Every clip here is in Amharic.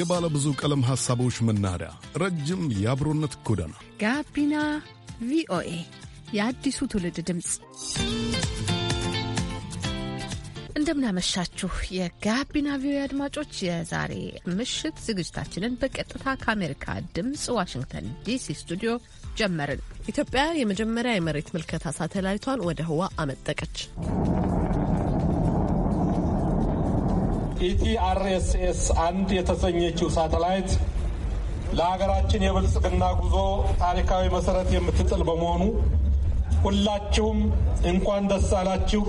የባለ ብዙ ቀለም ሐሳቦች መናኸሪያ፣ ረጅም የአብሮነት ጎዳና ጋቢና ቪኦኤ የአዲሱ ትውልድ ድምፅ። እንደምናመሻችሁ የጋቢና ቪኦኤ አድማጮች፣ የዛሬ ምሽት ዝግጅታችንን በቀጥታ ከአሜሪካ ድምፅ ዋሽንግተን ዲሲ ስቱዲዮ ጀመርን። ኢትዮጵያ የመጀመሪያ የመሬት ምልከታ ሳተላይቷን ወደ ህዋ አመጠቀች። ኢቲአርኤስኤስ አንድ የተሰኘችው ሳተላይት ለሀገራችን የብልጽግና ጉዞ ታሪካዊ መሰረት የምትጥል በመሆኑ ሁላችሁም እንኳን ደስ አላችሁ፣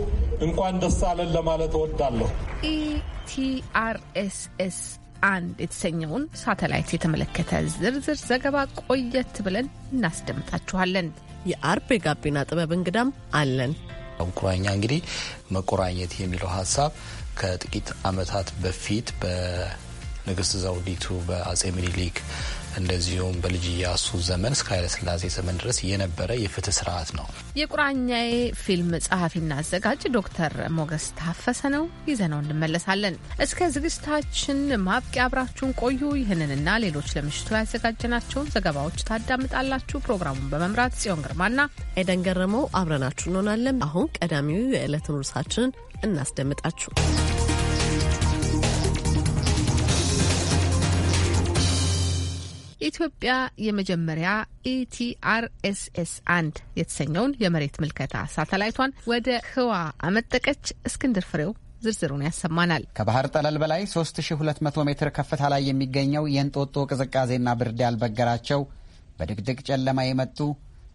እንኳን ደስ አለን ለማለት እወዳለሁ። ኢቲአርኤስኤስ አንድ የተሰኘውን ሳተላይት የተመለከተ ዝርዝር ዘገባ ቆየት ብለን እናስደምጣችኋለን። የአርብ የጋቢና ጥበብ እንግዳም አለን። ቁራኛ እንግዲህ መቆራኘት የሚለው ሀሳብ ከጥቂት ዓመታት በፊት በንግስት ዘውዲቱ በአጼ ሚኒሊክ እንደዚሁም በልጅ እያሱ ዘመን እስከ ኃይለስላሴ ዘመን ድረስ የነበረ የፍትህ ስርዓት ነው። የቁራኛዬ ፊልም ጸሐፊና አዘጋጅ ዶክተር ሞገስ ታፈሰ ነው። ይዘነው እንመለሳለን። እስከ ዝግጅታችን ማብቂያ አብራችሁን ቆዩ። ይህንንና ሌሎች ለምሽቱ ያዘጋጀናቸውን ዘገባዎች ታዳምጣላችሁ። ፕሮግራሙን በመምራት ጽዮን ግርማና ኤደን ገረመው አብረናችሁ እንሆናለን። አሁን ቀዳሚው የዕለት ርዕሳችንን እናስደምጣችሁ። የኢትዮጵያ የመጀመሪያ ኢቲአርኤስኤስ አንድ የተሰኘውን የመሬት ምልከታ ሳተላይቷን ወደ ህዋ አመጠቀች። እስክንድር ፍሬው ዝርዝሩን ያሰማናል። ከባህር ጠለል በላይ 3200 ሜትር ከፍታ ላይ የሚገኘው የእንጦጦ ቅዝቃዜና ብርድ ያልበገራቸው በድቅድቅ ጨለማ የመጡ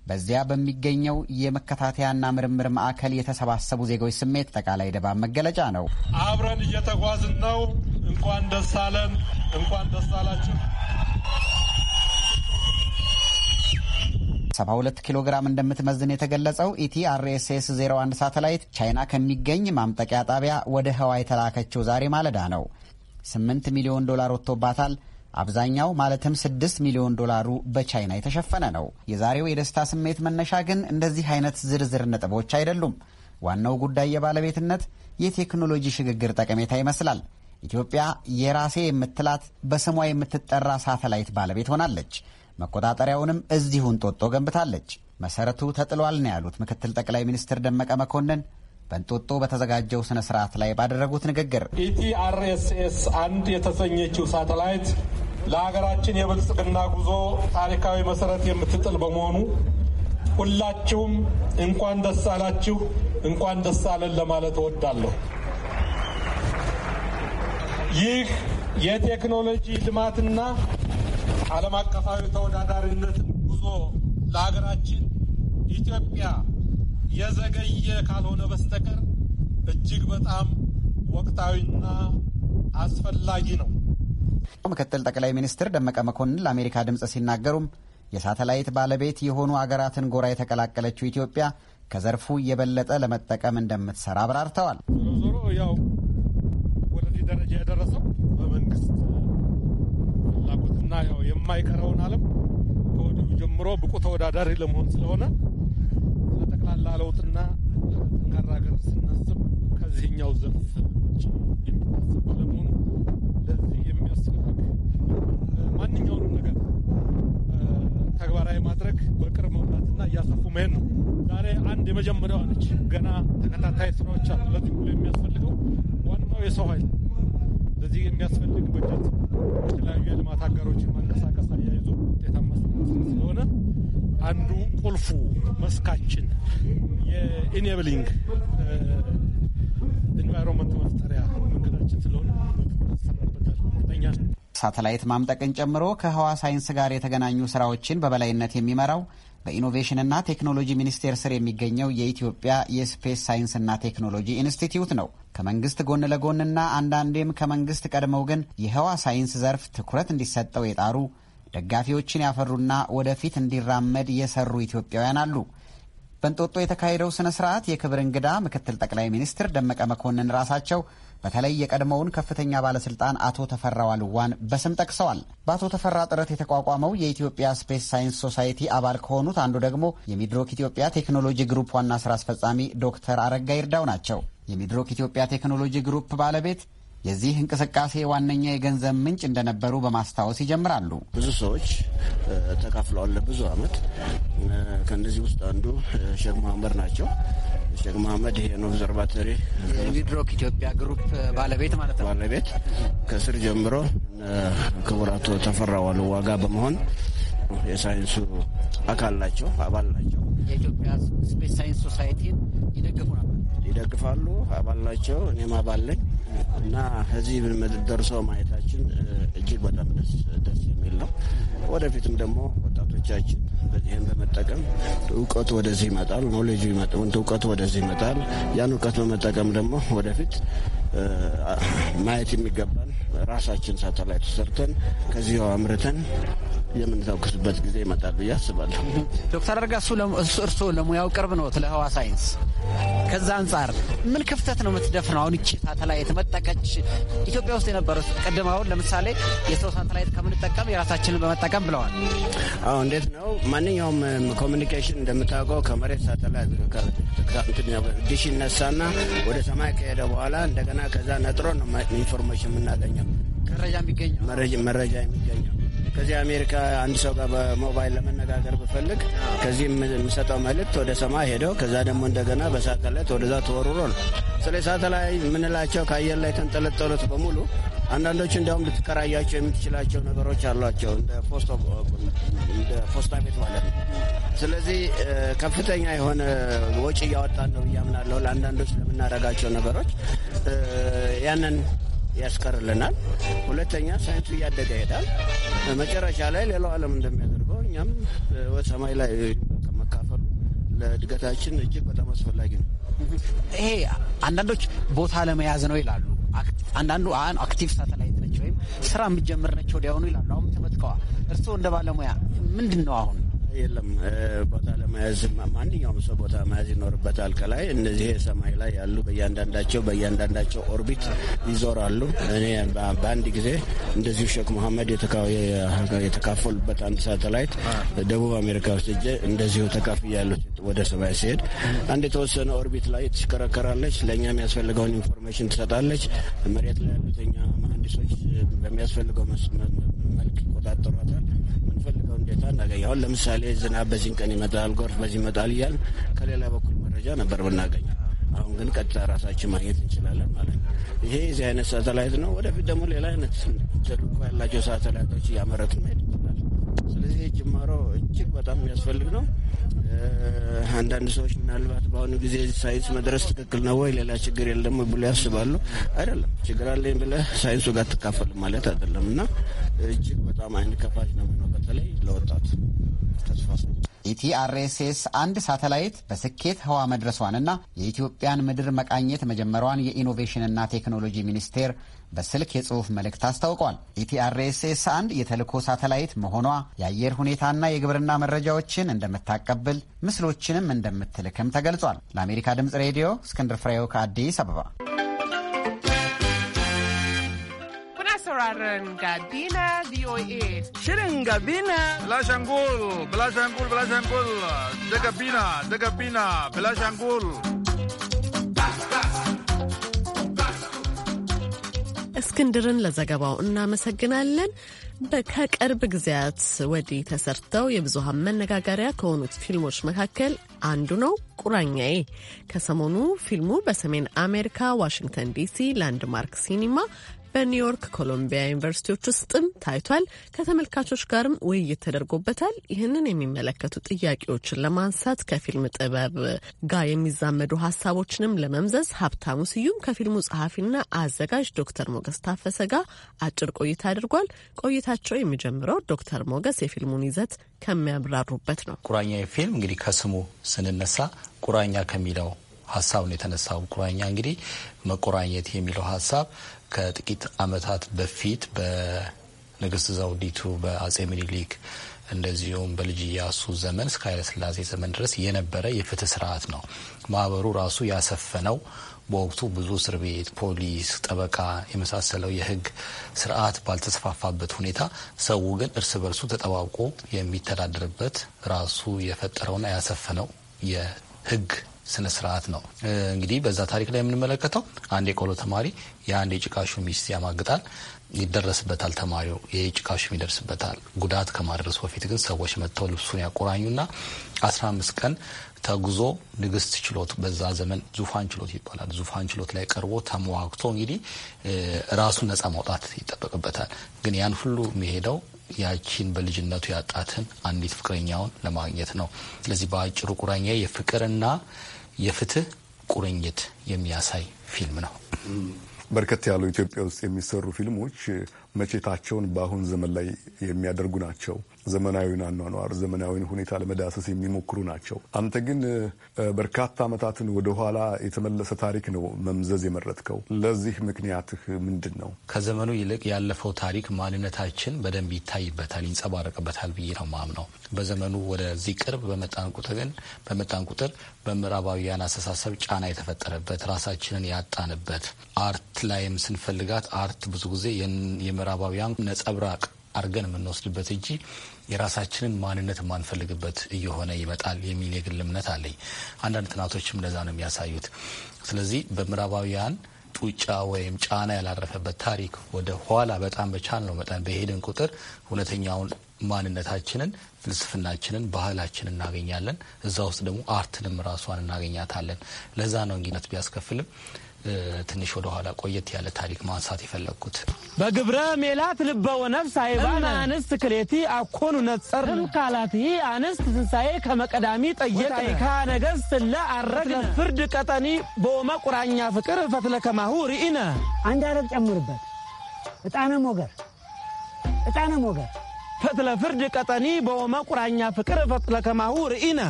በዚያ በሚገኘው የመከታተያና ምርምር ማዕከል የተሰባሰቡ ዜጎች ስሜት ጠቃላይ ድባብ መገለጫ ነው። አብረን እየተጓዝን ነው። እንኳን ደስ አለን፣ እንኳን ደስ አላችሁ። 72 ኪሎ ግራም እንደምትመዝን የተገለጸው ኢቲአርኤስኤስ 01 ሳተላይት ቻይና ከሚገኝ ማምጠቂያ ጣቢያ ወደ ህዋ የተላከችው ዛሬ ማለዳ ነው። 8 ሚሊዮን ዶላር ወጥቶባታል። አብዛኛው ማለትም 6 ሚሊዮን ዶላሩ በቻይና የተሸፈነ ነው። የዛሬው የደስታ ስሜት መነሻ ግን እንደዚህ አይነት ዝርዝር ነጥቦች አይደሉም። ዋናው ጉዳይ የባለቤትነት የቴክኖሎጂ ሽግግር ጠቀሜታ ይመስላል። ኢትዮጵያ የራሴ የምትላት በስሟ የምትጠራ ሳተላይት ባለቤት ሆናለች። መቆጣጠሪያውንም እዚሁ እንጦጦ ገንብታለች። መሰረቱ ተጥሏል ነው ያሉት ምክትል ጠቅላይ ሚኒስትር ደመቀ መኮንን በእንጦጦ በተዘጋጀው ስነ ስርዓት ላይ ባደረጉት ንግግር ኢቲአርኤስኤስ አንድ የተሰኘችው ሳተላይት ለሀገራችን የብልጽግና ጉዞ ታሪካዊ መሰረት የምትጥል በመሆኑ ሁላችሁም እንኳን ደስ አላችሁ፣ እንኳን ደስ አለን ለማለት እወዳለሁ። ይህ የቴክኖሎጂ ልማትና ዓለም አቀፋዊ ተወዳዳሪነት ጉዞ ለሀገራችን ኢትዮጵያ የዘገየ ካልሆነ በስተቀር እጅግ በጣም ወቅታዊና አስፈላጊ ነው። ምክትል ጠቅላይ ሚኒስትር ደመቀ መኮንን ለአሜሪካ ድምፅ ሲናገሩም የሳተላይት ባለቤት የሆኑ አገራትን ጎራ የተቀላቀለችው ኢትዮጵያ ከዘርፉ የበለጠ ለመጠቀም እንደምትሰራ አብራርተዋል። ዞሮ ዞሮ ያው ወደዚህ ደረጃ የደረሰው በመንግስት ፍላጎትና ያው የማይቀረውን ዓለም ከወዲሁ ጀምሮ ብቁ ተወዳዳሪ ለመሆን ስለሆነ ለጠቅላላ ለውጥና ጠንካራ ሀገር ስናስብ ከዚህኛው ዘርፍ ውጭ የሚታሰብ ባለመሆኑ ለዚህ የሚያስፈልግ ማንኛውንም ነገር ተግባራዊ ማድረግ በቅርብ መውጣትና እያሰፉ መሄድ ነው። ዛሬ አንድ የመጀመሪያዋ ነች። ገና ተከታታይ ስራዎች አሉ። ለዚህ የሚያስፈልገው ዋናው የሰው ኃይል ለዚህ የሚያስፈልግ በጀት የተለያዩ የልማት አጋሮችን ማንቀሳቀስ አያይዞ ውጤታማ ስለሆነ አንዱ ቁልፉ መስካችን የኢኔብሊንግ ኢንቫይሮንመንት መፍጠሪያ መንገዳችን ስለሆነ ሳተላይት ማምጠቅን ጨምሮ ከህዋ ሳይንስ ጋር የተገናኙ ስራዎችን በበላይነት የሚመራው በኢኖቬሽንና ቴክኖሎጂ ሚኒስቴር ስር የሚገኘው የኢትዮጵያ የስፔስ ሳይንስና ቴክኖሎጂ ኢንስቲትዩት ነው። ከመንግስት ጎን ለጎንና አንዳንዴም ከመንግስት ቀድመው ግን የህዋ ሳይንስ ዘርፍ ትኩረት እንዲሰጠው የጣሩ ደጋፊዎችን ያፈሩና ወደፊት እንዲራመድ የሰሩ ኢትዮጵያውያን አሉ። በእንጦጦ የተካሄደው ስነ ስርዓት የክብር እንግዳ ምክትል ጠቅላይ ሚኒስትር ደመቀ መኮንን ራሳቸው በተለይ የቀድሞውን ከፍተኛ ባለስልጣን አቶ ተፈራ ዋልዋን በስም ጠቅሰዋል። በአቶ ተፈራ ጥረት የተቋቋመው የኢትዮጵያ ስፔስ ሳይንስ ሶሳይቲ አባል ከሆኑት አንዱ ደግሞ የሚድሮክ ኢትዮጵያ ቴክኖሎጂ ግሩፕ ዋና ስራ አስፈጻሚ ዶክተር አረጋ ይርዳው ናቸው። የሚድሮክ ኢትዮጵያ ቴክኖሎጂ ግሩፕ ባለቤት የዚህ እንቅስቃሴ ዋነኛ የገንዘብ ምንጭ እንደነበሩ በማስታወስ ይጀምራሉ። ብዙ ሰዎች ተካፍለዋል ለብዙ ዓመት። ከእነዚህ ውስጥ አንዱ ሼክ መሀመድ ናቸው። ሼክ መሀመድ ይሄን ኦብዘርቫቶሪ ሚድሮክ ኢትዮጵያ ግሩፕ ባለቤት ማለት ነው ባለቤት ከስር ጀምሮ ክቡራቱ ተፈራ ዋሉ ዋጋ በመሆን የሳይንሱ አካል ናቸው፣ አባል ናቸው። የኢትዮጵያ ስፔስ ሳይንስ ሶሳይቲን ይደግፉ ነበር፣ ይደግፋሉ፣ አባል ናቸው። እኔም አባል ነኝ እና እዚህ ደርሰው ማየታችን እጅግ በጣም ደስ የሚል ነው። ወደፊትም ደግሞ ወጣቶቻችን በዚህም በመጠቀም እውቀቱ ወደዚህ ይመጣል፣ ኖሌጁ ይመጣል፣ እውቀቱ ወደዚህ ይመጣል። ያን እውቀት በመጠቀም ደግሞ ወደፊት ማየት የሚገባን ራሳችን ሳተላይት ሰርተን ከዚያው አምርተን የምንተኩስበት ጊዜ ይመጣል ብዬ አስባለሁ። ዶክተር አርጋሱ እርስዎ ለሙያው ቅርብ ነው ለህዋ ሳይንስ። ከዛ አንጻር ምን ክፍተት ነው የምትደፍነው? አሁን ይቺ ሳተላይት መጠቀች ኢትዮጵያ ውስጥ የነበረ ቅድም፣ አሁን ለምሳሌ የሰው ሳተላይት ከምንጠቀም የራሳችንን በመጠቀም ብለዋል። አዎ እንዴት ነው ማንኛውም ኮሚኒኬሽን እንደምታውቀው ከመሬት ሳተላይት ዲሽ ይነሳና ወደ ሰማይ ከሄደ በኋላ እንደገና ከዛ ነጥሮ ነው ኢንፎርሜሽን የምናገኘው መረጃ የሚገኘው ከዚህ አሜሪካ አንድ ሰው ጋር በሞባይል ለመነጋገር ብፈልግ ከዚህ የምሰጠው መልእክት ወደ ሰማይ ሄደው ከዛ ደግሞ እንደገና በሳተላይት ወደዛ ተወርሮ ነው። ስለ ሳተላይ የምንላቸው ከአየር ላይ የተንጠለጠሉት በሙሉ አንዳንዶቹ እንዲያውም ልትከራያቸው የምትችላቸው ነገሮች አሏቸው፣ እንደ ፖስታ ቤት ማለት ነው። ስለዚህ ከፍተኛ የሆነ ወጪ እያወጣን ነው ብዬ አምናለሁ ለአንዳንዶች ለምናደርጋቸው ነገሮች ያንን ያስቀርልናል። ሁለተኛ ሳይንሱ እያደገ ይሄዳል። መጨረሻ ላይ ሌላው ዓለም እንደሚያደርገው እኛም በሰማይ ላይ መካፈሉ ለእድገታችን እጅግ በጣም አስፈላጊ ነው። ይሄ አንዳንዶች ቦታ ለመያዝ ነው ይላሉ። አንዳንዱ አን አክቲቭ ሳተላይት ነች ወይም ስራ የምትጀምር ነች ወዲያውኑ ይላሉ። አሁን ተመትከዋ እርስዎ እንደ ባለሙያ ምንድን ነው አሁን የለም ቦታ ለመያዝ ማንኛውም ሰው ቦታ መያዝ ይኖርበታል። ከላይ እነዚህ ሰማይ ላይ ያሉ በእያንዳንዳቸው በእያንዳንዳቸው ኦርቢት ይዞራሉ። እኔ በአንድ ጊዜ እንደዚሁ ሼክ መሐመድ የተካፈሉበት አንድ ሳተላይት ደቡብ አሜሪካ ውስጥ እጄ እንደዚሁ ተካፍ ያሉት ወደ ሰማይ ሲሄድ አንድ የተወሰነ ኦርቢት ላይ ትሽከረከራለች። ለእኛ የሚያስፈልገውን ኢንፎርሜሽን ትሰጣለች። መሬት ላይ ያሉተኛ መሀንዲሶች በሚያስፈልገው መልክ ይቆጣጠሯታል። ምንፈልገውን ዴታ እናገኝ። አሁን ለምሳሌ ዝናብ በዚህን ቀን ይመጣል፣ ጎርፍ በዚህ ይመጣል እያል ከሌላ በኩል መረጃ ነበር ብናገኝ። አሁን ግን ቀጥታ ራሳችን ማግኘት እንችላለን ማለት ነው። ይሄ የዚህ አይነት ሳተላይት ነው። ወደፊት ደግሞ ሌላ አይነት ተልዕኮ ያላቸው ሳተላይቶች እያመረቱ መሄድ እንችላለን። ስለዚህ ጅማሮ እጅግ በጣም የሚያስፈልግ ነው። አንዳንድ ሰዎች ምናልባት በአሁኑ ጊዜ ሳይንስ መድረስ ትክክል ነው ወይ ሌላ ችግር የለም ብሎ ያስባሉ። አይደለም ችግር አለኝ ብለህ ሳይንሱ ጋር ትካፈል ማለት አይደለም እና እጅግ በጣም አይን ከፋሽ ነው የሚሆነው። በተለይ ለወጣቱ ተስፋ ኢቲአርኤስኤስ አንድ ሳተላይት በስኬት ህዋ መድረሷንና የኢትዮጵያን ምድር መቃኘት መጀመሯን የኢኖቬሽንና ቴክኖሎጂ ሚኒስቴር በስልክ የጽሑፍ መልእክት አስታውቋል። ኢቲአርኤስኤስ አንድ የተልእኮ ሳተላይት መሆኗ የአየር ሁኔታና የግብርና መረጃዎችን እንደምታቀብል ምስሎችንም እንደምትልክም ተገልጿል። ለአሜሪካ ድምፅ ሬዲዮ እስክንድር ፍሬው ከአዲስ አበባ sauraron Gabina VOA. Shirin Gabina. Bilashangul, Bilashangul, Bilashangul. De Gabina, De Gabina, Bilashangul. እስክንድርን ለዘገባው እናመሰግናለን። ከቅርብ ጊዜያት ወዲህ ተሰርተው የብዙሃን መነጋገሪያ ከሆኑት ፊልሞች መካከል አንዱ ነው ቁራኛዬ። ከሰሞኑ ፊልሙ በሰሜን አሜሪካ ዋሽንግተን ዲሲ ላንድማርክ ሲኒማ በኒውዮርክ ኮሎምቢያ ዩኒቨርሲቲዎች ውስጥም ታይቷል። ከተመልካቾች ጋርም ውይይት ተደርጎበታል። ይህንን የሚመለከቱ ጥያቄዎችን ለማንሳት ከፊልም ጥበብ ጋር የሚዛመዱ ሀሳቦችንም ለመምዘዝ ሀብታሙ ስዩም ከፊልሙ ጸሐፊና አዘጋጅ ዶክተር ሞገስ ታፈሰ ጋር አጭር ቆይታ አድርጓል። ቆይታቸው የሚጀምረው ዶክተር ሞገስ የፊልሙን ይዘት ከሚያብራሩበት ነው። ቁራኛ የፊልም እንግዲህ ከስሙ ስንነሳ ቁራኛ ከሚለው ሀሳብ ነው የተነሳው። ቁራኛ እንግዲህ መቆራኘት የሚለው ሀሳብ ከጥቂት ዓመታት በፊት በንግስት ዘውዲቱ በአጼ ሚኒሊክ እንደዚሁም በልጅ ኢያሱ ዘመን እስከ ኃይለስላሴ ዘመን ድረስ የነበረ የፍትህ ስርዓት ነው። ማህበሩ ራሱ ያሰፈነው በወቅቱ ብዙ እስር ቤት፣ ፖሊስ፣ ጠበቃ የመሳሰለው የህግ ስርዓት ባልተስፋፋበት ሁኔታ ሰው ግን እርስ በርሱ ተጠባብቆ የሚተዳደርበት ራሱ የፈጠረውና ያሰፈነው የህግ ስነ ስርዓት ነው። እንግዲህ በዛ ታሪክ ላይ የምንመለከተው አንድ የቆሎ ተማሪ የአንድ የጭቃሹ ሚስት ያማግጣል። ይደረስበታል። ተማሪው የጭቃሹም ይደርስበታል። ጉዳት ከማድረሱ በፊት ግን ሰዎች መጥተው ልብሱን ያቆራኙና አስራ አምስት ቀን ተጉዞ ንግስት ችሎት በዛ ዘመን ዙፋን ችሎት ይባላል። ዙፋን ችሎት ላይ ቀርቦ ተሟግቶ እንግዲህ ራሱን ነጻ ማውጣት ይጠበቅበታል። ግን ያን ሁሉ የሚሄደው ያቺን በልጅነቱ ያጣትን አንዲት ፍቅረኛውን ለማግኘት ነው። ስለዚህ በአጭሩ ቁራኛ የፍቅርና የፍትህ ቁርኝት የሚያሳይ ፊልም ነው። በርከት ያሉ ኢትዮጵያ ውስጥ የሚሰሩ ፊልሞች መቼታቸውን በአሁን ዘመን ላይ የሚያደርጉ ናቸው። ዘመናዊን አኗኗር፣ ዘመናዊን ሁኔታ ለመዳሰስ የሚሞክሩ ናቸው። አንተ ግን በርካታ ዓመታትን ወደኋላ የተመለሰ ታሪክ ነው መምዘዝ የመረጥከው። ለዚህ ምክንያትህ ምንድን ነው? ከዘመኑ ይልቅ ያለፈው ታሪክ ማንነታችን በደንብ ይታይበታል፣ ይንጸባረቅበታል ብዬ ነው ማምነው። በዘመኑ ወደዚህ ቅርብ በመጣን ቁጥር ግን በመጣን ቁጥር በምዕራባዊያን አስተሳሰብ ጫና የተፈጠረበት ራሳችንን ያጣንበት አርት ላይም ስንፈልጋት አርት ብዙ ጊዜ ምዕራባውያን ነጸብራቅ አድርገን የምንወስድበት እንጂ የራሳችንን ማንነት የማንፈልግበት እየሆነ ይመጣል የሚል የግል እምነት አለኝ። አንዳንድ ጥናቶችም እንደዛ ነው የሚያሳዩት። ስለዚህ በምዕራባውያን ጡጫ ወይም ጫና ያላረፈበት ታሪክ ወደ ኋላ በጣም በቻልነው መጠን በሄድን ቁጥር እውነተኛውን ማንነታችንን፣ ፍልስፍናችንን፣ ባህላችንን እናገኛለን። እዛ ውስጥ ደግሞ አርትንም ራሷን እናገኛታለን። ለዛ ነው እንግነት ቢያስከፍልም ትንሽ ወደ ኋላ ቆየት ያለ ታሪክ ማንሳት የፈለግኩት በግብረ ሜላት ልበወ ነፍስ አይባን አንስት ክሌቲ አኮኑ ነጸር ካላት ይህ አንስት ትንሣኤ ከመቀዳሚ ጠየቀይካ ነገስ ስለ አረግ ፍርድ ቀጠኒ በወመ ቁራኛ ፍቅር ፈትለ ከማሁ ርኢነ አንድ አረግ ጨምርበት እጣነ ሞገር እጣነ ሞገር ፈትለ ፍርድ ቀጠኒ በወመ ቁራኛ ፍቅር ፈትለ ከማሁ ርኢነ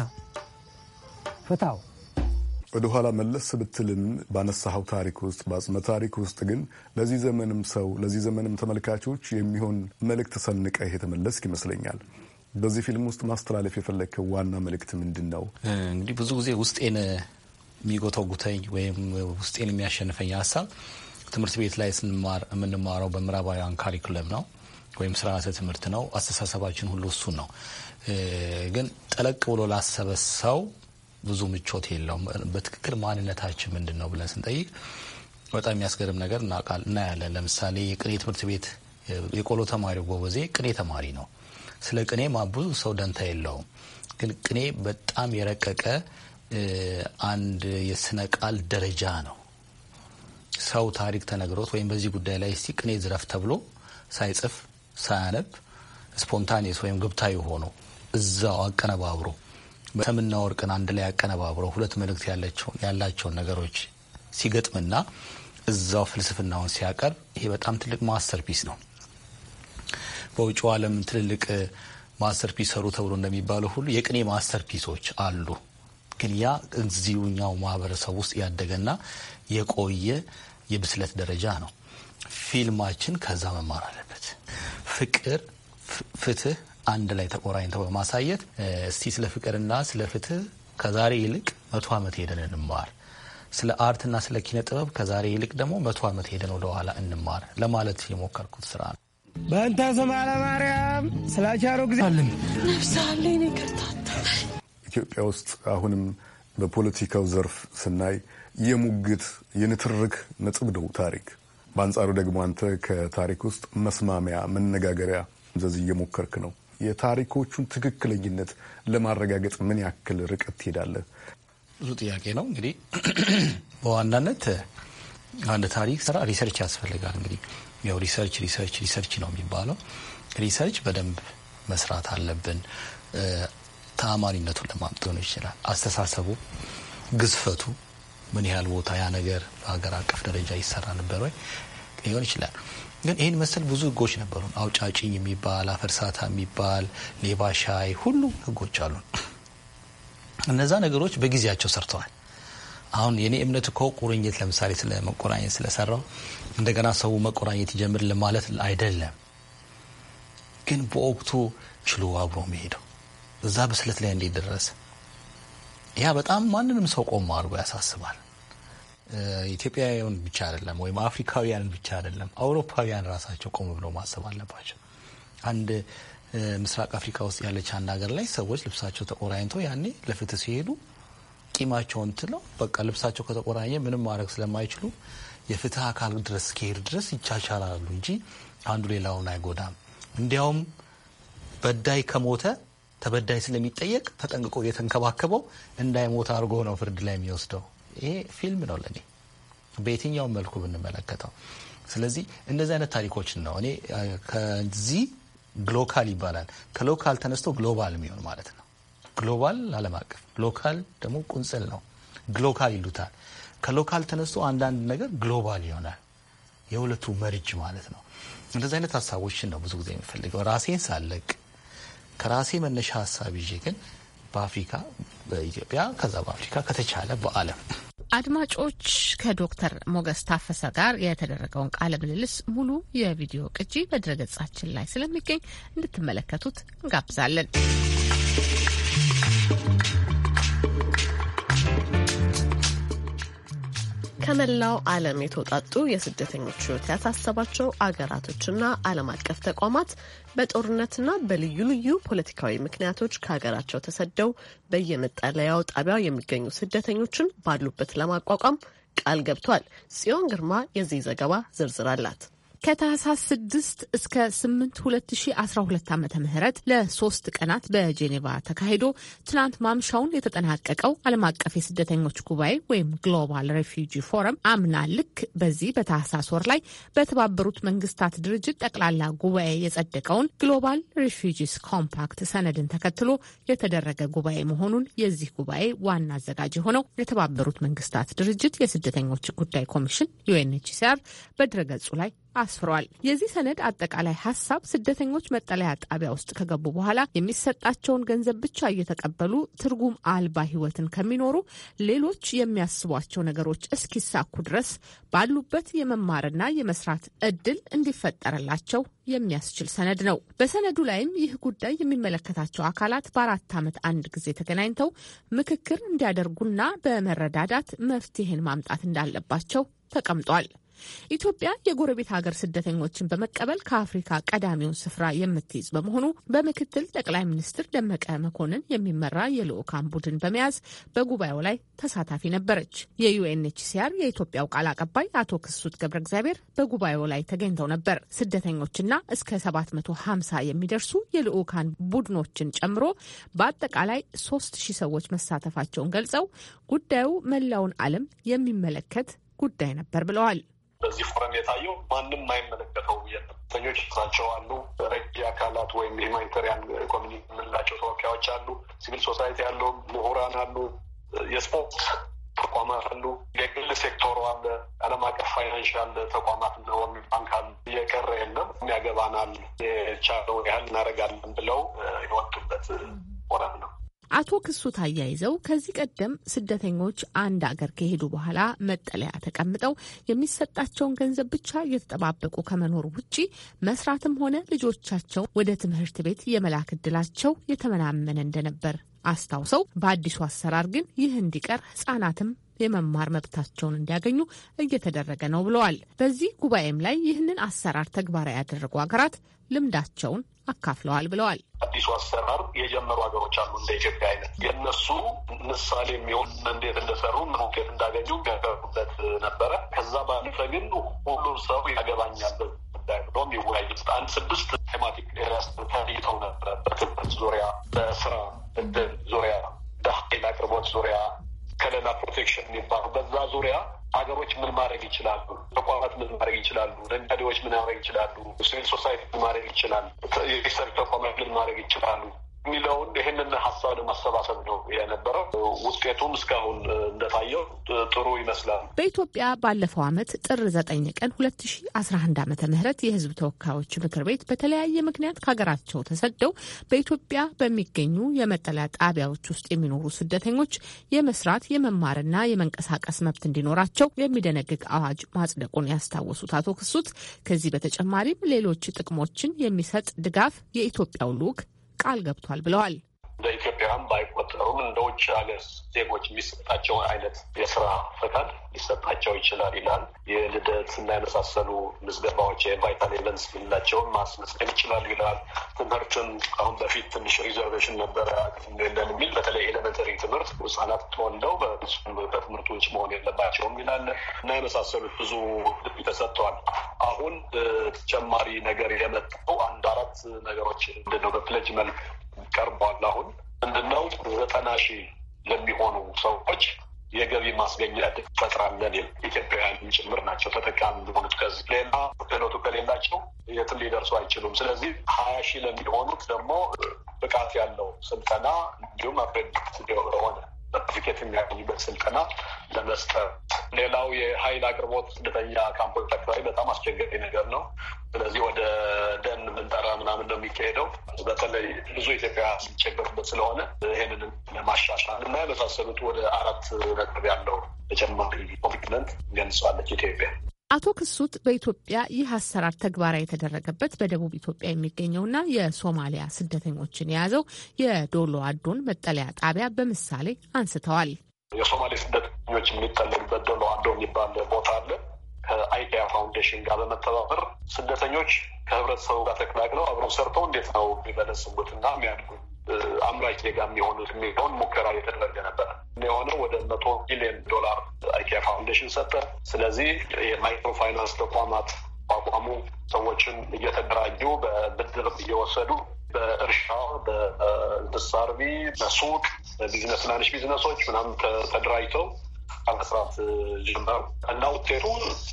ፍታው ወደ ኋላ መለስ ብትልም ባነሳኸው ታሪክ ውስጥ በአጽመ ታሪክ ውስጥ ግን ለዚህ ዘመንም ሰው ለዚህ ዘመንም ተመልካቾች የሚሆን መልእክት ሰንቀህ የተመለስክ ይመስለኛል። በዚህ ፊልም ውስጥ ማስተላለፍ የፈለግከው ዋና መልእክት ምንድን ነው? እንግዲህ ብዙ ጊዜ ውስጤን የሚጎተጉተኝ ወይም ውስጤን የሚያሸንፈኝ ሀሳብ ትምህርት ቤት ላይ ስንማር የምንማረው በምዕራባውያን ካሪኩለም ነው ወይም ስርዓተ ትምህርት ነው። አስተሳሰባችን ሁሉ እሱን ነው። ግን ጠለቅ ብሎ ላሰበ ሰው ብዙ ምቾት የለውም። በትክክል ማንነታችን ምንድን ነው ብለን ስንጠይቅ በጣም የሚያስገርም ነገር እናያለን። ለምሳሌ የቅኔ ትምህርት ቤት የቆሎ ተማሪ ጎበዜ ቅኔ ተማሪ ነው። ስለ ቅኔ ብዙ ሰው ደንታ የለውም። ግን ቅኔ በጣም የረቀቀ አንድ የስነ ቃል ደረጃ ነው። ሰው ታሪክ ተነግሮት ወይም በዚህ ጉዳይ ላይ እስቲ ቅኔ ዝረፍ ተብሎ ሳይጽፍ ሳያነብ ስፖንታኔስ ወይም ግብታዊ ሆኖ እዛው አቀነባብሮ ሰምና ወርቅን አንድ ላይ ያቀነባብረው ሁለት መልእክት ያላቸውን ነገሮች ሲገጥምና እዛው ፍልስፍናውን ሲያቀርብ ይሄ በጣም ትልቅ ማስተርፒስ ነው። በውጭው ዓለም ትልልቅ ማስተርፒስ ሰሩ ተብሎ እንደሚባለው ሁሉ የቅኔ ማስተርፒሶች አሉ። ግን ያ እዚሁኛው ማህበረሰብ ውስጥ ያደገና የቆየ የብስለት ደረጃ ነው። ፊልማችን ከዛ መማር አለበት። ፍቅር፣ ፍትህ አንድ ላይ ተቆራኝተው በማሳየት እስቲ ስለ ፍቅርና ስለ ፍትህ ከዛሬ ይልቅ መቶ ዓመት ሄደን እንማር፣ ስለ አርትና ስለ ኪነ ጥበብ ከዛሬ ይልቅ ደግሞ መቶ ዓመት ሄደን ወደኋላ እንማር ለማለት የሞከርኩት ስራ ነው። በእንተ ስማ ማርያም ስላቻሮ ጊዜ አለን ነፍሳሌን ይቅርታታ ኢትዮጵያ ውስጥ አሁንም በፖለቲካው ዘርፍ ስናይ የሙግት የንትርክ ነጥብ ነው ታሪክ። በአንጻሩ ደግሞ አንተ ከታሪክ ውስጥ መስማሚያ መነጋገሪያ ዘዝ እየሞከርክ ነው። የታሪኮቹን ትክክለኝነት ለማረጋገጥ ምን ያክል ርቀት ትሄዳለህ? ብዙ ጥያቄ ነው። እንግዲህ በዋናነት አንድ ታሪክ ስራ ሪሰርች ያስፈልጋል። እንግዲህ ያው ሪሰርች ሪሰርች ሪሰርች ነው የሚባለው። ሪሰርች በደንብ መስራት አለብን። ተአማኒነቱን ለማምጥ ሆኖ ይችላል። አስተሳሰቡ፣ ግዝፈቱ ምን ያህል ቦታ ያ ነገር በሀገር አቀፍ ደረጃ ይሰራ ነበር ወይ ሊሆን ይችላል። ግን ይህን መሰል ብዙ ህጎች ነበሩ። አውጫጭኝ የሚባል አፈርሳታ የሚባል ሌባ ሻይ ሁሉ ህጎች አሉ። እነዛ ነገሮች በጊዜያቸው ሰርተዋል። አሁን የኔ እምነት እኮ ቁርኝት ለምሳሌ ስለ መቆራኘት ስለሰራው እንደገና ሰው መቆራኘት ይጀምር ለማለት አይደለም። ግን በወቅቱ ችሎ አብሮ መሄደው እዛ ብስለት ላይ እንዲደረስ ያ በጣም ማንንም ሰው ቆም አድርጎ ያሳስባል። ኢትዮጵያውያን ብቻ አይደለም ወይም አፍሪካውያን ብቻ አይደለም፣ አውሮፓውያን ራሳቸው ቆም ብለው ማሰብ አለባቸው። አንድ ምስራቅ አፍሪካ ውስጥ ያለች አንድ ሀገር ላይ ሰዎች ልብሳቸው ተቆራኝተው ያኔ ለፍትህ ሲሄዱ ቂማቸውን ትለው በቃ ልብሳቸው ከተቆራኘ ምንም ማድረግ ስለማይችሉ የፍትህ አካል ድረስ እስኪሄድ ድረስ ይቻቻላሉ እንጂ አንዱ ሌላውን አይጎዳም። እንዲያውም በዳይ ከሞተ ተበዳይ ስለሚጠየቅ ተጠንቅቆ እየተንከባከበው እንዳይሞት አድርጎ ነው ፍርድ ላይ የሚወስደው። ይሄ ፊልም ነው ለኔ በየትኛውም መልኩ ብንመለከተው። ስለዚህ እንደዚህ አይነት ታሪኮችን ነው እኔ ከዚህ ግሎካል ይባላል ከሎካል ተነስቶ ግሎባል የሚሆን ማለት ነው። ግሎባል ዓለም አቀፍ፣ ሎካል ደግሞ ቁንጽል ነው። ግሎካል ይሉታል። ከሎካል ተነስቶ አንዳንድ ነገር ግሎባል ይሆናል። የሁለቱ መርጅ ማለት ነው። እንደዚህ አይነት ሀሳቦችን ነው ብዙ ጊዜ የሚፈልገው ራሴን ሳለቅ ከራሴ መነሻ ሀሳብ ይዤ ግን በአፍሪካ በኢትዮጵያ ከዛ በአፍሪካ ከተቻለ በዓለም አድማጮች ከዶክተር ሞገስ ታፈሰ ጋር የተደረገውን ቃለ ምልልስ ሙሉ የቪዲዮ ቅጂ በድረገጻችን ላይ ስለሚገኝ እንድትመለከቱት እንጋብዛለን። ከመላው ዓለም የተውጣጡ የስደተኞች ሕይወት ያሳሰባቸው አገራቶችና ዓለም አቀፍ ተቋማት በጦርነትና በልዩ ልዩ ፖለቲካዊ ምክንያቶች ከሀገራቸው ተሰደው በየመጠለያው ጣቢያው የሚገኙ ስደተኞችን ባሉበት ለማቋቋም ቃል ገብቷል። ጽዮን ግርማ የዚህ ዘገባ ዝርዝር አላት። ከታህሳስ 6 እስከ 8 2012 ዓ ም ለሶስት ቀናት በጄኔቫ ተካሂዶ ትናንት ማምሻውን የተጠናቀቀው ዓለም አቀፍ የስደተኞች ጉባኤ ወይም ግሎባል ሬፊጂ ፎረም አምና ልክ በዚህ በታህሳስ ወር ላይ በተባበሩት መንግስታት ድርጅት ጠቅላላ ጉባኤ የጸደቀውን ግሎባል ሬፊጂስ ኮምፓክት ሰነድን ተከትሎ የተደረገ ጉባኤ መሆኑን የዚህ ጉባኤ ዋና አዘጋጅ የሆነው የተባበሩት መንግስታት ድርጅት የስደተኞች ጉዳይ ኮሚሽን ዩኤንኤችሲአር በድረገጹ ላይ አስፍሯል። የዚህ ሰነድ አጠቃላይ ሀሳብ ስደተኞች መጠለያ ጣቢያ ውስጥ ከገቡ በኋላ የሚሰጣቸውን ገንዘብ ብቻ እየተቀበሉ ትርጉም አልባ ህይወትን ከሚኖሩ ሌሎች የሚያስቧቸው ነገሮች እስኪሳኩ ድረስ ባሉበት የመማርና የመስራት እድል እንዲፈጠርላቸው የሚያስችል ሰነድ ነው። በሰነዱ ላይም ይህ ጉዳይ የሚመለከታቸው አካላት በአራት ዓመት አንድ ጊዜ ተገናኝተው ምክክር እንዲያደርጉና በመረዳዳት መፍትሄን ማምጣት እንዳለባቸው ተቀምጧል። ኢትዮጵያ የጎረቤት ሀገር ስደተኞችን በመቀበል ከአፍሪካ ቀዳሚውን ስፍራ የምትይዝ በመሆኑ በምክትል ጠቅላይ ሚኒስትር ደመቀ መኮንን የሚመራ የልዑካን ቡድን በመያዝ በጉባኤው ላይ ተሳታፊ ነበረች። የዩኤንኤችሲአር የኢትዮጵያው ቃል አቀባይ አቶ ክሱት ገብረ እግዚአብሔር በጉባኤው ላይ ተገኝተው ነበር። ስደተኞችና እስከ 750 የሚደርሱ የልዑካን ቡድኖችን ጨምሮ በአጠቃላይ 3000 ሰዎች መሳተፋቸውን ገልጸው ጉዳዩ መላውን ዓለም የሚመለከት ጉዳይ ነበር ብለዋል። በዚህ ፎረም የታየው ማንም የማይመለከተው የሰኞች እሳቸው አሉ፣ ረቂ አካላት ወይም ሂውማኒታሪያን ኮሚኒቲ የምንላቸው ተወካዮች አሉ፣ ሲቪል ሶሳይቲ ያለው ምሁራን አሉ፣ የስፖርት ተቋማት አሉ፣ የግል ሴክተሩ አለ፣ ዓለም አቀፍ ፋይናንሻል ተቋማት እና ወርልድ ባንክ አሉ። እየቀረ የለም። የሚያገባናል የቻለውን ያህል እናደርጋለን ብለው የወጡበት ፎረም ነው። አቶ ክሱት አያይዘው ከዚህ ቀደም ስደተኞች አንድ አገር ከሄዱ በኋላ መጠለያ ተቀምጠው የሚሰጣቸውን ገንዘብ ብቻ እየተጠባበቁ ከመኖር ውጪ መስራትም ሆነ ልጆቻቸው ወደ ትምህርት ቤት የመላክ እድላቸው የተመናመነ እንደነበር አስታውሰው በአዲሱ አሰራር ግን ይህ እንዲቀር ህጻናትም የመማር መብታቸውን እንዲያገኙ እየተደረገ ነው ብለዋል። በዚህ ጉባኤም ላይ ይህንን አሰራር ተግባራዊ ያደረጉ ሀገራት ልምዳቸውን አካፍለዋል ብለዋል። አዲሱ አሰራር የጀመሩ ሀገሮች አሉ እንደ ኢትዮጵያ አይነት የእነሱ ምሳሌ የሚሆን እንዴት እንደሰሩ ምን ውጤት እንዳገኙ የሚያቀርቡበት ነበረ። ከዛ ባለፈ ግን ሁሉም ሰው ያገባኛል ተደርጎ ይወያይበት አንድ ስድስት ቴማቲክ ኤሪያስ ተለይተው ነበረ። በትምህርት ዙሪያ፣ በስራ እድል ዙሪያ፣ ዳህ አቅርቦት ዙሪያ፣ ከለላ ፕሮቴክሽን የሚባሉ በዛ ዙሪያ ሀገሮች ምን ማድረግ ይችላሉ፣ ተቋማት ምን ማድረግ ይችላሉ፣ ነጋዴዎች ምን ማድረግ ይችላሉ፣ ሲቪል ሶሳይቲ ምን ማድረግ ይችላል፣ የሪሰርች ተቋማት ምን ማድረግ ይችላሉ የሚለውን ይህንን ሀሳብ ለማሰባሰብ ነው የነበረው። ውጤቱም እስካሁን እንደታየው ጥሩ ይመስላል። በኢትዮጵያ ባለፈው ዓመት ጥር ዘጠኝ ቀን ሁለት ሺ አስራ አንድ ዓመተ ምህረት የህዝብ ተወካዮች ምክር ቤት በተለያየ ምክንያት ከሀገራቸው ተሰደው በኢትዮጵያ በሚገኙ የመጠለያ ጣቢያዎች ውስጥ የሚኖሩ ስደተኞች የመስራት የመማርና የመንቀሳቀስ መብት እንዲኖራቸው የሚደነግግ አዋጅ ማጽደቁን ያስታወሱት አቶ ክሱት ከዚህ በተጨማሪም ሌሎች ጥቅሞችን የሚሰጥ ድጋፍ የኢትዮጵያው ልዑክ ቃል ገብቷል ብለዋል። ግራም ባይቆጠሩም እንደ ውጭ ሀገር ዜጎች የሚሰጣቸውን አይነት የስራ ፈቃድ ሊሰጣቸው ይችላል ይላል። የልደት እና የመሳሰሉ ምዝገባዎች የቫይታል ኤቨንስ የምንላቸውን ማስመዝገብ ይችላል ይላል። ትምህርትም አሁን በፊት ትንሽ ሪዘርቬሽን ነበረ ለን የሚል በተለይ ኤሌመንተሪ ትምህርት ህጻናት ተወልደው በትምህርት ውጭ መሆን የለባቸውም ይላል እና የመሳሰሉት ብዙ ተሰጥቷል። አሁን ተጨማሪ ነገር የመጣው አንድ አራት ነገሮች ምንድነው በፕለጅ መልክ ቀርቧል አሁን ምንድነው ዘጠና ሺህ ለሚሆኑ ሰዎች የገቢ ማስገኛ እድል ፈጥራለን። ኢትዮጵያውያን ጭምር ናቸው ተጠቃሚ የሆኑት። ከዚህ ሌላ ክህሎቱ ከሌላቸው የትም ሊደርሱ አይችሉም። ስለዚህ ሀያ ሺህ ለሚሆኑት ደግሞ ብቃት ያለው ስልጠና እንዲሁም አፕሬንቲስ የሆነ ሰርቲፊኬት የሚያገኙበት ስልጠና ለመስጠት። ሌላው የሀይል አቅርቦት ስደተኛ ካምፖች አካባቢ በጣም አስቸጋሪ ነገር ነው። ስለዚህ ወደ ደን ምንጠራ ምናምን ነው የሚካሄደው። በተለይ ብዙ ኢትዮጵያ የሚቸገሩበት ስለሆነ ይህንንም ለማሻሻል እና የመሳሰሉት ወደ አራት ነጥብ ያለው ተጨማሪ ኮሚትመንት ገንጸዋለች ኢትዮጵያ። አቶ ክሱት በኢትዮጵያ ይህ አሰራር ተግባራዊ የተደረገበት በደቡብ ኢትዮጵያ የሚገኘውና የሶማሊያ ስደተኞችን የያዘው የዶሎ አዶን መጠለያ ጣቢያ በምሳሌ አንስተዋል። የሶማሌ ስደተኞች የሚጠለሉበት ዶሎ አዶ የሚባል ቦታ አለ። ከአይኪያ ፋውንዴሽን ጋር በመተባበር ስደተኞች ከህብረተሰቡ ጋር ተቀላቅለው አብረው ሰርተው እንዴት ነው የሚበለጽጉትና የሚያድጉት አምራች ዜጋ የሚሆኑት የሚሆን ሙከራ እየተደረገ ነበረ። የሆነው ወደ መቶ ቢሊዮን ዶላር አይኪያ ፋውንዴሽን ሰጠ። ስለዚህ የማይክሮ ፋይናንስ ተቋማት አቋሙ ሰዎችን እየተደራጁ በብድር እየወሰዱ በእርሻ በእንስሳርቢ በሱቅ በቢዝነስ ትናንሽ ቢዝነሶች ምናምን ተደራጅተው ከመስራት ጀመሩ እና ውጤቱ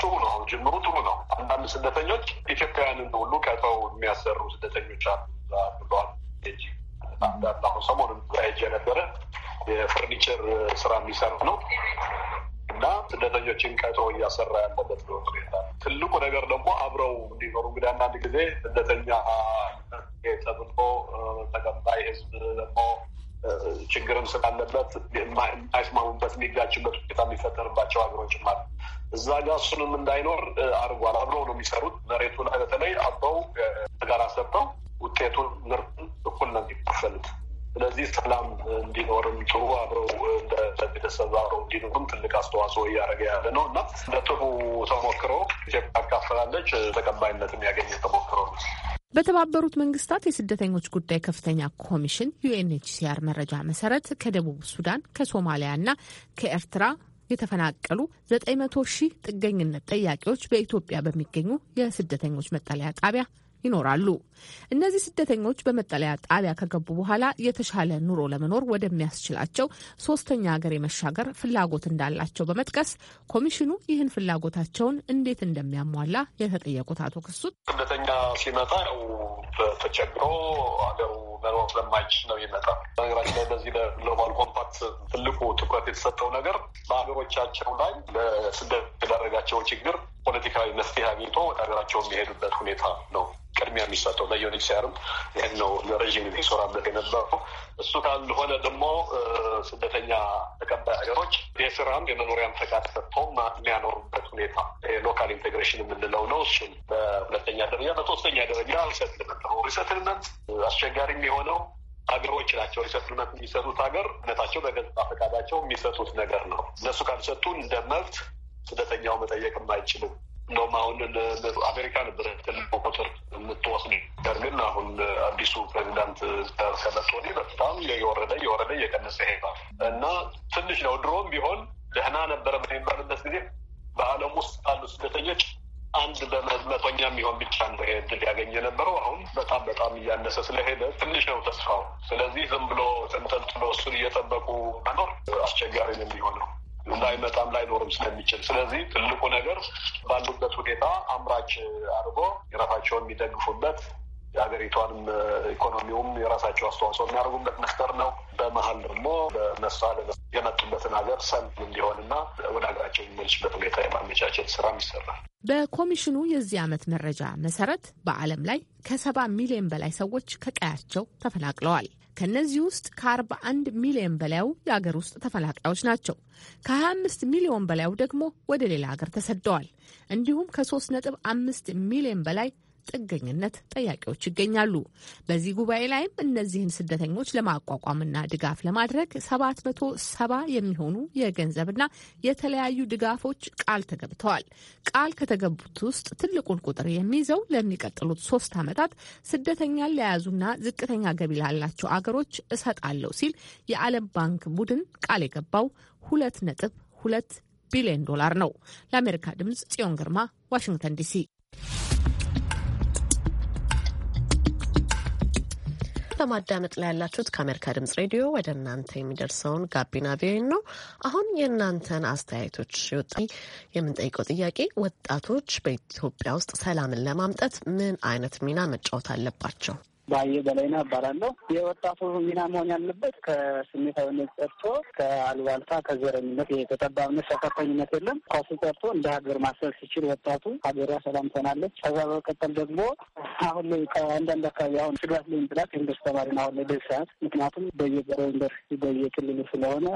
ጥሩ ነው። ጅምሩ ጥሩ ነው። አንዳንድ ስደተኞች ኢትዮጵያውያንን ሁሉ ቀጠው የሚያሰሩ ስደተኞች አሉ ብለዋል። አንዳንድ አሁን ሰሞን ሄጄ ነበረ። የፈርኒቸር ስራ የሚሰራ ነው እና ስደተኞችን ቀጥሮ እያሰራ ያለበት ሁኔታ። ትልቁ ነገር ደግሞ አብረው እንዲኖሩ እንግዲህ አንዳንድ ጊዜ ስደተኛ ተብሎ ተቀባይ ህዝብ ደግሞ ችግርም ስላለበት የማይስማሙበት የሚጋጭበት ሁኔታ የሚፈጠርባቸው ሀገሮች ማለት እዛ ጋ እሱንም እንዳይኖር አድርጓል። አብረው ነው የሚሰሩት መሬቱ ላይ በተለይ አብረው ጋር ሰርተው ውጤቱን ምርቱን እኩል ነው የሚከፈሉት። ስለዚህ ሰላም እንዲኖርም ጥሩ አብረው እንደ ቤተሰብ አብረው እንዲኖርም ትልቅ አስተዋጽኦ እያደረገ ያለ ነው እና እንደ ጥሩ ተሞክሮ ኢትዮጵያ አካፈላለች ተቀባይነትም ያገኘ ተሞክሮ ነው። በተባበሩት መንግስታት የስደተኞች ጉዳይ ከፍተኛ ኮሚሽን ዩኤንኤችሲአር መረጃ መሰረት ከደቡብ ሱዳን ከሶማሊያ እና ከኤርትራ የተፈናቀሉ 900 ሺህ ጥገኝነት ጠያቂዎች በኢትዮጵያ በሚገኙ የስደተኞች መጠለያ ጣቢያ ይኖራሉ። እነዚህ ስደተኞች በመጠለያ ጣቢያ ከገቡ በኋላ የተሻለ ኑሮ ለመኖር ወደሚያስችላቸው ሶስተኛ ሀገር የመሻገር ፍላጎት እንዳላቸው በመጥቀስ ኮሚሽኑ ይህን ፍላጎታቸውን እንዴት እንደሚያሟላ የተጠየቁት አቶ ክሱት ስደተኛ ሲመጣ ያው ተቸግሮ ሀገሩ መኖር ስለማይችል ነው ይመጣ። በነገራችን ላይ በዚህ ለግሎባል ኮምፓክት ትልቁ ትኩረት የተሰጠው ነገር በሀገሮቻቸው ላይ ለስደት የዳረጋቸው ችግር ፖለቲካዊ መፍትሄ አግኝቶ ወደ ሀገራቸው የሚሄዱበት ሁኔታ ነው። ቅድሚያ የሚሰጠው በዩኒክሲያርም ይህን ነው ለረዥም ጊዜ ይሰራበት የነበረው። እሱ ካልሆነ ደግሞ ስደተኛ ተቀባይ ሀገሮች የስራም የመኖሪያም ፈቃድ ሰጥቶም የሚያኖሩበት ሁኔታ ሎካል ኢንቴግሬሽን የምንለው ነው። እሱም በሁለተኛ ደረጃ፣ በሶስተኛ ደረጃ ሪሰትልመንት ነው። ሪሰትልመንት አስቸጋሪም የሆነው ሀገሮች ናቸው። ሪሰትልመንት የሚሰጡት ሀገር እነታቸው በገዛ ፈቃዳቸው የሚሰጡት ነገር ነው። እነሱ ካልሰጡን እንደ መብት ስደተኛው መጠየቅም አይችልም። እንደውም አሁን አሜሪካ ነበረ ትልቅ ቁጥር የምትወስድ ነገር ግን አሁን አዲሱ ፕሬዚዳንት ከመጡ ወዲህ በጣም የወረደ የወረደ እየቀነሰ ይሄዳል እና ትንሽ ነው። ድሮም ቢሆን ደህና ነበረ በሚባልበት ጊዜ በዓለም ውስጥ ካሉ ስደተኞች አንድ በመቶኛ የሚሆን ብቻ ነው ይሄ እድል ያገኘ አሁን በጣም በጣም እያነሰ ስለሄደ ትንሽ ነው ተስፋው። ስለዚህ ዝም ብሎ ተንጠልጥሎ እሱን እየጠበቁ መኖር አስቸጋሪ ነው የሚሆነው። ላይመጣም ላይኖርም ስለሚችል፣ ስለዚህ ትልቁ ነገር ባሉበት ሁኔታ አምራች አድርጎ የራሳቸውን የሚደግፉበት የሀገሪቷንም ኢኮኖሚውም የራሳቸው አስተዋጽኦ የሚያደርጉበት መፍጠር ነው። በመሀል ደግሞ በመሳለ የመጡበትን ሀገር ሰል እንዲሆንና ወደ ሀገራቸው የሚመልሱበት ሁኔታ የማመቻቸት ስራም ይሰራል። በኮሚሽኑ የዚህ ዓመት መረጃ መሰረት በዓለም ላይ ከሰባ ሚሊዮን በላይ ሰዎች ከቀያቸው ተፈናቅለዋል። ከእነዚህ ውስጥ ከ41 ሚሊዮን በላዩ የአገር ውስጥ ተፈናቃዮች ናቸው። ከ25 ሚሊዮን በላዩ ደግሞ ወደ ሌላ ሀገር ተሰደዋል። እንዲሁም ከ3.5 ሚሊዮን በላይ ጥገኝነት ጠያቂዎች ይገኛሉ። በዚህ ጉባኤ ላይም እነዚህን ስደተኞች ለማቋቋምና ድጋፍ ለማድረግ ሰባት መቶ ሰባ የሚሆኑ የገንዘብና የተለያዩ ድጋፎች ቃል ተገብተዋል። ቃል ከተገቡት ውስጥ ትልቁን ቁጥር የሚይዘው ለሚቀጥሉት ሶስት ዓመታት ስደተኛን ለያዙና ዝቅተኛ ገቢ ላላቸው አገሮች እሰጣለሁ ሲል የዓለም ባንክ ቡድን ቃል የገባው ሁለት ነጥብ ሁለት ቢሊዮን ዶላር ነው። ለአሜሪካ ድምፅ ጽዮን ግርማ ዋሽንግተን ዲሲ በማዳመጥ ላይ ያላችሁት ከአሜሪካ ድምጽ ሬዲዮ ወደ እናንተ የሚደርሰውን ጋቢና ቪኦኤ ነው። አሁን የእናንተን አስተያየቶች ወጣ የምንጠይቀው ጥያቄ ወጣቶች በኢትዮጵያ ውስጥ ሰላምን ለማምጣት ምን አይነት ሚና መጫወት አለባቸው? ባየ በላይና እባላለሁ። የወጣቱ ሚና መሆን ያለበት ከስሜታዊነት ጠርቶ ከአልባልታ፣ ከዘረኝነት፣ የተጠባብነት፣ ሰፈርተኝነት የለም ከሱ ጠርቶ እንደ ሀገር ማሰብ ሲችል ወጣቱ ሀገሯ ሰላም ትሆናለች። ከዛ በመቀጠል ደግሞ አሁን ላይ ከአንዳንድ አካባቢ አሁን ስጋት ላይ ምጥላት ዩኒቨርስቲ ተማሪን አሁን ላይ ሰዓት ምክንያቱም በየበረ ዩኒቨርሲቲ በየክልሉ ስለሆነ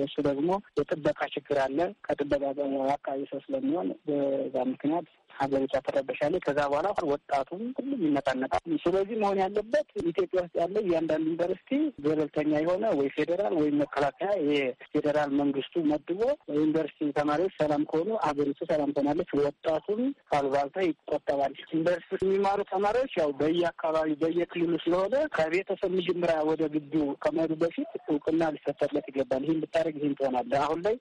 የእሱ ደግሞ የጥበቃ ችግር አለ። ከጥበቃ ጋር አካባቢ ሰው ስለሚሆን በዛ ምክንያት ሀገሪቷ ተረበሻለች። ከዛ በኋላ ወጣቱም ሁሉም ይነጣነጣል። ስለዚህ መሆን ያለበት ኢትዮጵያ ውስጥ ያለ እያንዳንዱ ዩኒቨርሲቲ ገለልተኛ የሆነ ወይ ፌዴራል ወይም መከላከያ የፌዴራል መንግስቱ መድቦ ዩኒቨርሲቲ ተማሪዎች ሰላም ከሆኑ አገሪቱ ሰላም ትሆናለች፣ ወጣቱም ካልባልታ ይቆጠባል። ዩኒቨርሲቲ የሚማሩ ተማሪዎች ያው በየአካባቢ በየክልሉ ስለሆነ ከቤተሰብ መጀመሪያ ወደ ግቢው ከመሄዱ በፊት እውቅና ሊሰጠለት ይገባል። ይህን ብታደርግ ይህን ትሆናለህ። አሁን ላይ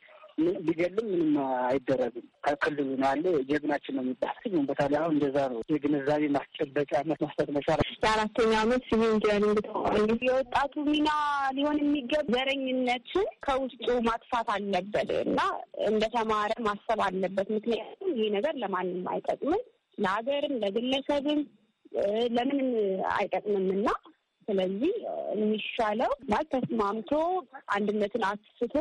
ሊገልም ምንም አይደረግም። ከክልሉ ነው ያለ ጀግናችን ነው የሚባል ግን ቦታ ላይ አሁን እንደዛ ነው የግንዛቤ ማስጨበጫ መስጠት መቻል። የአራተኛ አመት ሲቪል ኢንጂነሪንግ ተማሪ የወጣቱ ሚና ሊሆን የሚገብ ዘረኝነትን ከውስጡ ማጥፋት አለበት እና እንደ ተማረ ማሰብ አለበት። ምክንያቱም ይህ ነገር ለማንም አይጠቅምም፣ ለሀገርም፣ ለግለሰብም ለምንም አይጠቅምም እና ስለዚህ የሚሻለው ማለት ተስማምቶ አንድነትን አስፍቶ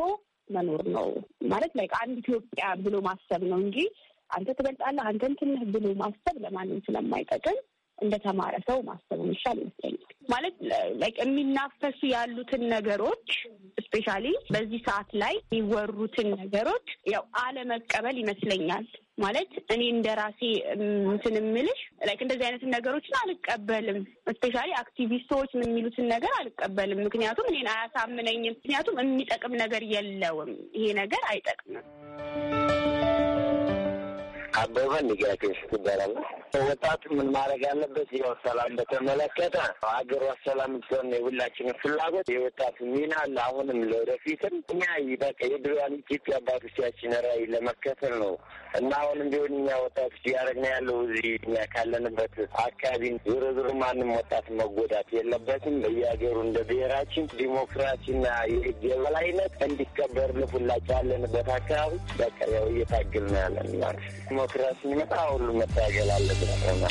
መኖር ነው ማለት ላይ አንድ ኢትዮጵያ ብሎ ማሰብ ነው እንጂ አንተ ትበልጣለህ አንተ እንትንህ ብሎ ማሰብ ለማንም ስለማይጠቅም እንደተማረ ሰው ማሰብ ይሻል ይመስለኛል። ማለት ላይክ የሚናፈሱ ያሉትን ነገሮች ስፔሻሊ በዚህ ሰዓት ላይ የሚወሩትን ነገሮች ያው አለመቀበል ይመስለኛል ማለት እኔ እንደ ራሴ እንትን እምልሽ ላይክ እንደዚህ አይነትን ነገሮችን አልቀበልም። እስፔሻሊ አክቲቪስቶች የሚሉትን ነገር አልቀበልም። ምክንያቱም እኔን አያሳምነኝም። ምክንያቱም የሚጠቅም ነገር የለውም። ይሄ ነገር አይጠቅምም። አበበ ንጋቴ ይባላል። ወጣት ምን ማድረግ ያለበት ያው ሰላም በተመለከተ ሀገሯ ሰላም እንድትሆን የሁላችንም ፍላጎት የወጣቱ ሚና አለ። አሁንም ለወደፊትም እኛ በቃ የድሮያን ኢትዮጵያ አባቶቻችን ራዕይ ለመከተል ነው እና አሁንም ቢሆን እኛ ወጣት እያደረግን ያለው እዚህ እኛ ካለንበት አካባቢ ዞሮ ዞሮ ማንም ወጣት መጎዳት የለበትም። እያገሩ እንደ ብሔራችን ዲሞክራሲና የህግ የበላይነት እንዲከበር ልፉላቸው ያለንበት አካባቢ በቃ ያው እየታገልን ነው ያለን ማለት ዲሞክራሲ ይመጣ ሁሉ መታገል አለብን።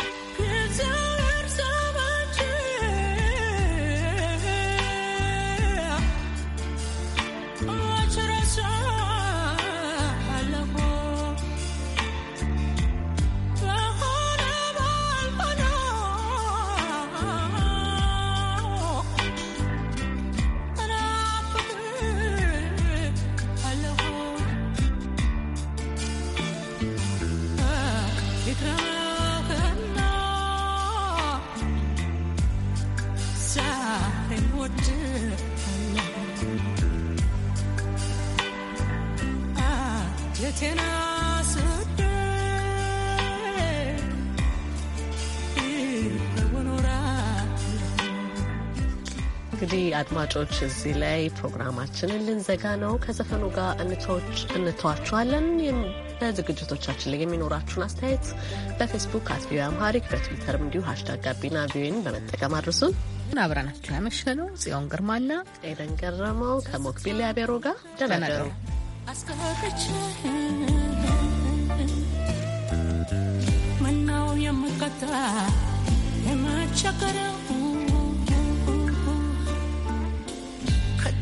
እንግዲህ አድማጮች እዚህ ላይ ፕሮግራማችንን ልንዘጋ ነው። ከዘፈኑ ጋር እንተዋችኋለን። በዝግጅቶቻችን ላይ የሚኖራችሁን አስተያየት በፌስቡክ አት ቪኦኤ አምሃሪክ በትዊተርም እንዲሁ ሀሽታግ ጋቢና ቪኦኤን በመጠቀም አድርሱን። አብረናችሁ ያመሸነው ጽዮን ግርማና ኤደን ገረመው ከሞክቢል ያቤሮ ጋር ደናደሩ ምነው የምቀጣ የማቸገረው